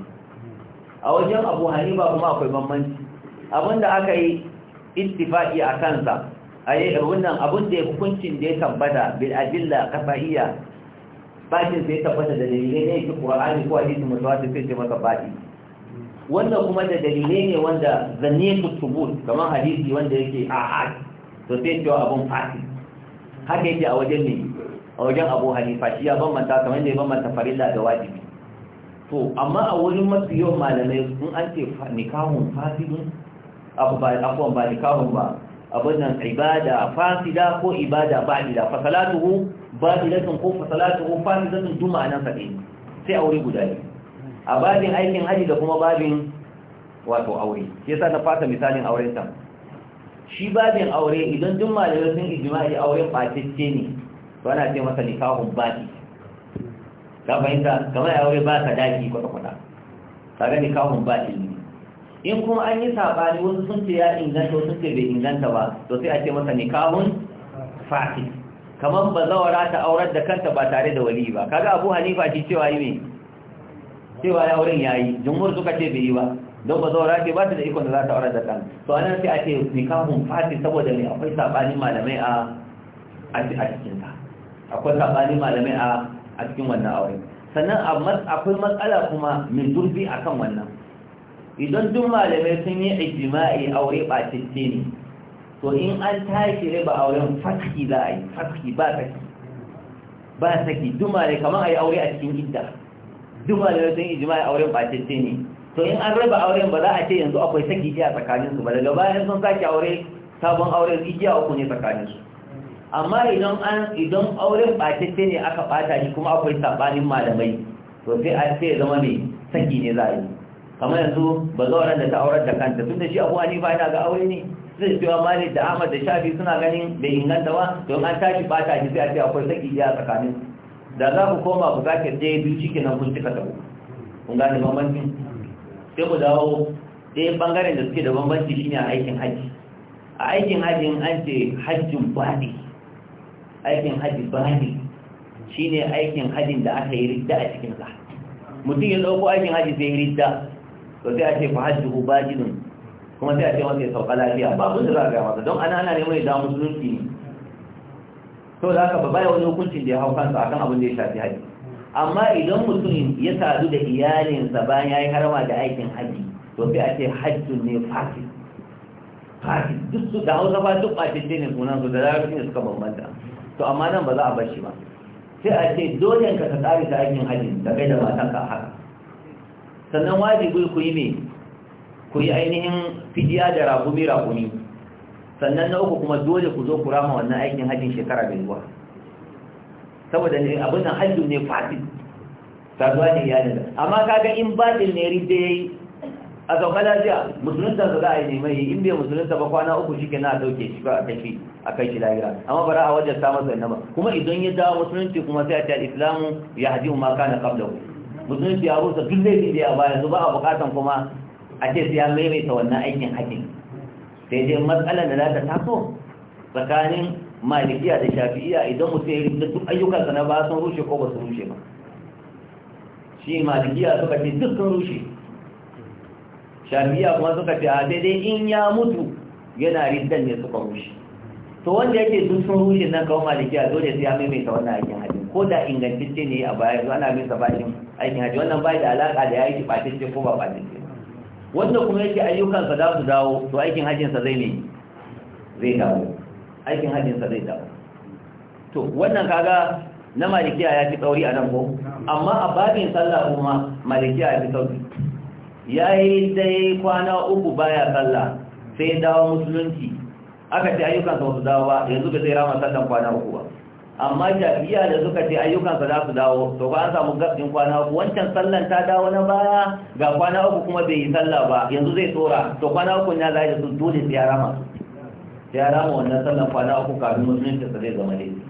a wajen Abu Hanifa kuma akwai bambanci abinda aka yi ittifaqi a kansa ayi wannan abin da ya hukuncin da ya tabbata bil adilla qat'iyya bakin sai tabbata da dalilai ne ki Qur'ani ko hadisi mutawatir sai ce maka ba'i wannan kuma da dalilai ne wanda zanne su tubul kamar hadisi wanda yake a haɗi to sai cewa abun fasi haka yake a wajen ne a wajen abu hanifa shi ya bambanta kamar yadda ya bambanta farilla da wajibi to amma a wurin mafi yawan malamai in an ce nikahun fasidun abubuwan ba nikahun ba abin nan ibada fasida ko ibada ba'ida fasalatuhu ba'idatun ko fasalatuhu fasidatun duma nan sa sai a wuri guda ne a babin aikin haji da kuma babin wato aure shi yasa na fata misalin auren ta shi babin aure idan duk malamai sun ijma'i auren batacce ne to ana ce masa nikahun bati ka fahimta kamar aure ba ka daki kwata kwata ga nikahun bati ne in kuma an yi sabani wasu sun ce ya inganta wasu ce bai inganta ba to sai a ce masa nikahun fasid kamar bazawara ta aurar da kanta ba tare da wali ba kaga abu hanifa shi cewa yi ne cewa ya wurin yayi jumhur suka ce bai yi ba don ba zaura ce ba ta da ikon da za ta aurar da kan to anan sai a ce nikahun fati saboda ne akwai sabani malamai a a cikin ta akwai sabani malamai a a cikin wannan aure sannan akwai matsala kuma min durbi akan wannan idan duk malamai sun yi ijma'i aure ba cikin ne to in an tashi ne ba auren faski za a yi faski ba saki ba saki duk malamai kamar a yi aure a cikin idda duk malamai sun jima'i auren bacicci ne to in an raba auren ba za a ce yanzu akwai saki jiya tsakanin su ba daga bayan sun sake aure sabon auren igiya uku ne tsakanin su amma idan an auren bacicci ne aka bata shi kuma akwai sabanin malamai to sai a ce zama mai saki ne za a yi kamar yanzu ba zauren da ta aurar da kanta tun da shi abu ba yana ga aure ne zai cewa malik da ahmad da shafi suna ganin da inganta ba don an tashi bata shi sai a ce akwai saki jiya tsakanin da za ku koma ku sake ɗaya biyu ciki nan kun cika ta kun gane bambancin sai ku dawo ɗaya ɓangaren da suke da bambanci shine a aikin haji. a aikin haji an ce hajjin baɗi aikin hajji baɗi shine aikin hajin da aka yi ridda a sa mutum ya ɗauko aikin haji sai ridda to sai a ce fa hajji ubajinun kuma sai a ce masa ya sauka lafiya babu da za a gaya masa don ana ana neman ya dawo musulunci ne to da aka ba baya wani hukuncin da ya hau kansa akan abin da ya shafi haji amma idan mutum ya sadu da iyalinsa bayan ya yi harama da aikin haji to sai a ce hajjun ne fasil fasil duk su da hausa ba duk ɓacece ne sunan su da larabci ne suka bambanta to amma nan ba za a bar shi ba sai a ce dole ka ka tsari ta aikin haji da kai da ka haka sannan wajibi ku yi me ku yi ainihin fidiya da rakumi rakumi sannan na uku kuma dole ku zo ku rama wannan aikin hajjin shekara mai zuwa saboda ne abin nan hajjin ne ta zuwa ne ya nuna amma kaga in batil ne rinde yayi a sauka lafiya musulunta su za a yi mai in bai musulunta ba kwana uku shi na a dauke shi ba a a kai shi lahira amma bara a wajen samun sannan ba kuma idan ya dawo musulunci kuma sai a ta islamu ya haji ma kana kabla musulunci ya rusa duk laifin da ya baya su ba a bukatan kuma a ce sai ya maimaita wannan aikin hajjin. sai dai matsalar da za ta taso tsakanin malikiya da shafi'iya idan mutum ya rinda duk ayyukansa na ba sun rushe ko ba su rushe ba shi malikiya suka ce duk sun rushe shafi'iya kuma suka ce a daidai in ya mutu yana riddan ne suka rushe to wanda yake duk sun rushe nan kawo malikiya dole sai ya maimaita wannan aikin hajji ko da ingantacce ne a baya zuwa ana bin sa aikin hajji wannan bai da alaka da ya yi shi ko ba fatacce wanda kuma yake ayyukansa za su dawo to aikin hajjinsa zai ne zai dawo aikin hajjinsa zai dawo to wannan kaga na malikiya ya fi tsauri a nan ko amma a babin sallah kuma malikiya ya fi tsauri ya yi dai kwana uku baya sallah sai dawo musulunci aka ce ayyukansa wasu dawo ba yanzu ba zai rama sallan kwana uku ba amma jafiya da suka ce ayyukansa za su dawo to ba an samu gabin kwana uku wancan sallan ta dawo na baya ga kwana uku kuma bai yi sallah ba yanzu zai tsora to kwana uku ya zai da su dole sai ya rama sai ya rama wannan sallan kwana uku kafin musulunci sa zai zama daidai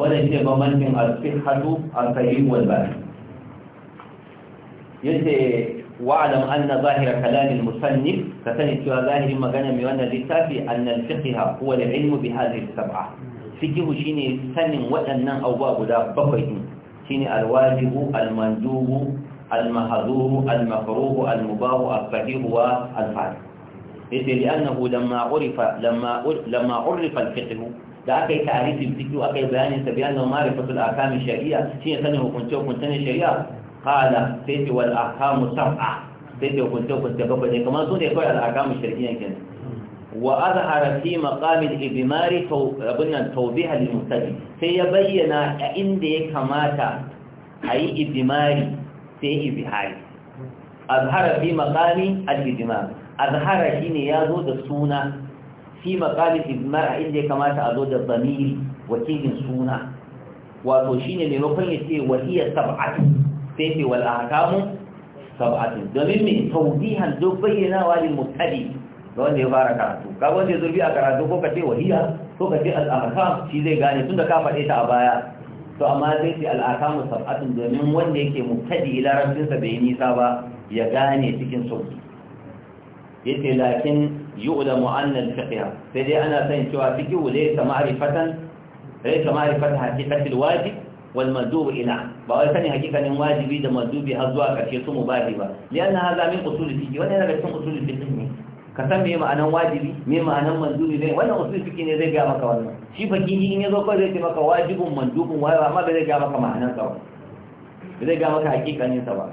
wannan ne bambancin al-sihhatu al-sahih wal batil yace واعلم أن ظاهر كلام المصنف فسنت ظاهر مغنى من الكتاب أن الفقه هو العلم بهذه السبعة fikihu shine sanin waɗannan abubuwa guda bakwai din shine alwajibu almandubu almahzuru almakruhu almubahu as wa al-fadil yace li'annahu lamma urifa lamma lamma urifa al-fiqh da akai ta'rifin fiqh akai bayanin sa bayan ma'rifatu al-ahkam sharia shine sanin hukunce hukuncen shari'a qala sayti wal ahkam sab'a sai da hukunce hukunce bakwai kamar su ne kawai al-ahkam sharia kenan وأظهر في مقام الإبمار توبيها للمبتدئ سيبين عندي كماتا أي إبمار في إبهار أظهر في مقام الإبمار أظهر حين يزود السنة في مقام الإبمار عندي كماتا أزود الضمير وكيه السنة وتوشين لنقل يسي وهي سبعة سيتي والأحكام سبعة ضمير توبيها دبينا للمبتدئ ga wanda ya fara karatu ka wanda ya zurbi a karatu ko kace wahiya ko kace al-ahkam shi zai gane tunda ka faɗe ta a baya to amma zai ce al-ahkamu sab'atun domin wanda yake mubtadi ila rabbin sa bai nisa ba ya gane cikin sauki yace lakin yu'lamu anna al-fiqh sai dai ana san cewa fiqh laysa ma'rifatan laysa ma'rifatan haqiqati al-wajib wal madub ila ba wai sani hakikanin wajibi da madubi har zuwa karshe su mubadi ba lianna hadha min usul al-fiqh wannan daga cikin usul al-fiqh ne ka san me ma'anan wajibi me ma'anan mandubi ne wannan wasu fiqi ne zai ga maka wannan shi fakihi in yazo kawai zai ce maka wajibun mandubun wayo amma ba zai ga maka ma'anan sa ba zai ga maka hakikanin sa ba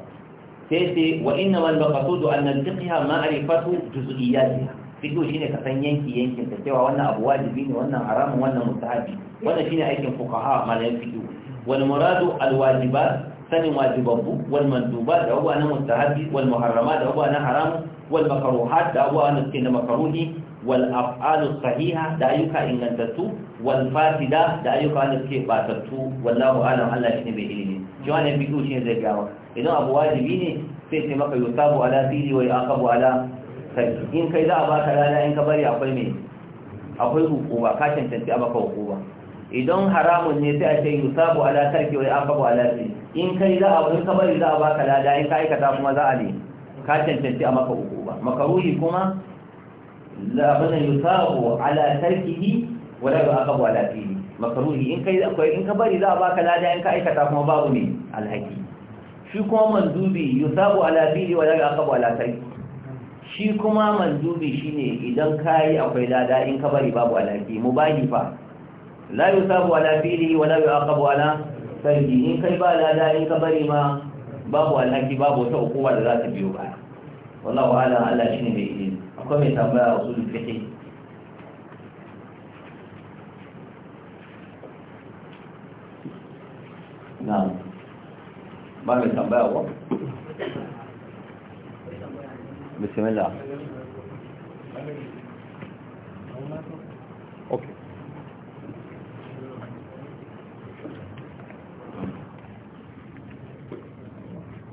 sai sai wa inna wal maqsudu an nalqiha ma'rifatu juz'iyatiha fiqi shine ka san yanki yankin ta cewa wannan abu wajibi ne wannan haramun wannan mustahabi wannan shine aikin fuqaha malayan fiqi wal muradu al wajibat sanin wajibabbu wal mandubat da abuwa na mustahabi wal muharramat da abuwa na haramun wal makaruhat da abuwa wanda suke na makaruhi wal af'alu sahiha da ayyuka ingantattu wal fasida da ayyuka wanda suke batattu wallahu alam Allah shine bai ilimi shi wannan bidiyo shine zai gawa idan abu wajibi ne sai ce maka yusabu ala fihi wa yaqabu ala sarki in kai za a baka rana in ka bari akwai me akwai hukuma ka a baka hukuma idan haramun ne sai a ce yusabu ala tarki wa yaqabu ala fihi in kai za a in ka bari za a baka lada in ka aikata kuma za a ne ka cancanci a maka uku ba makaruhi kuma labarin yusabu ala tarkihi wala aka bu ala fihi makaruhi in kai akwai in ka bari za a baka lada in ka aikata kuma babu ne alhaki shi kuma mandubi yusabu ala fihi wala yu'aqabu ala tarkihi shi kuma mandubi shine idan kai akwai lada in ka bari babu alhaki mubahi fa la yusabu ala fihi wala aka bu ala tarkihi in kai ba lada in ka bari ma babu alhaki babu wata hukuma da za ta biyo ba wallahu ala Allah shine mai ilimi akwai mai tambaya a usulul fiqh na'am ba mai tambaya ba bismillah okay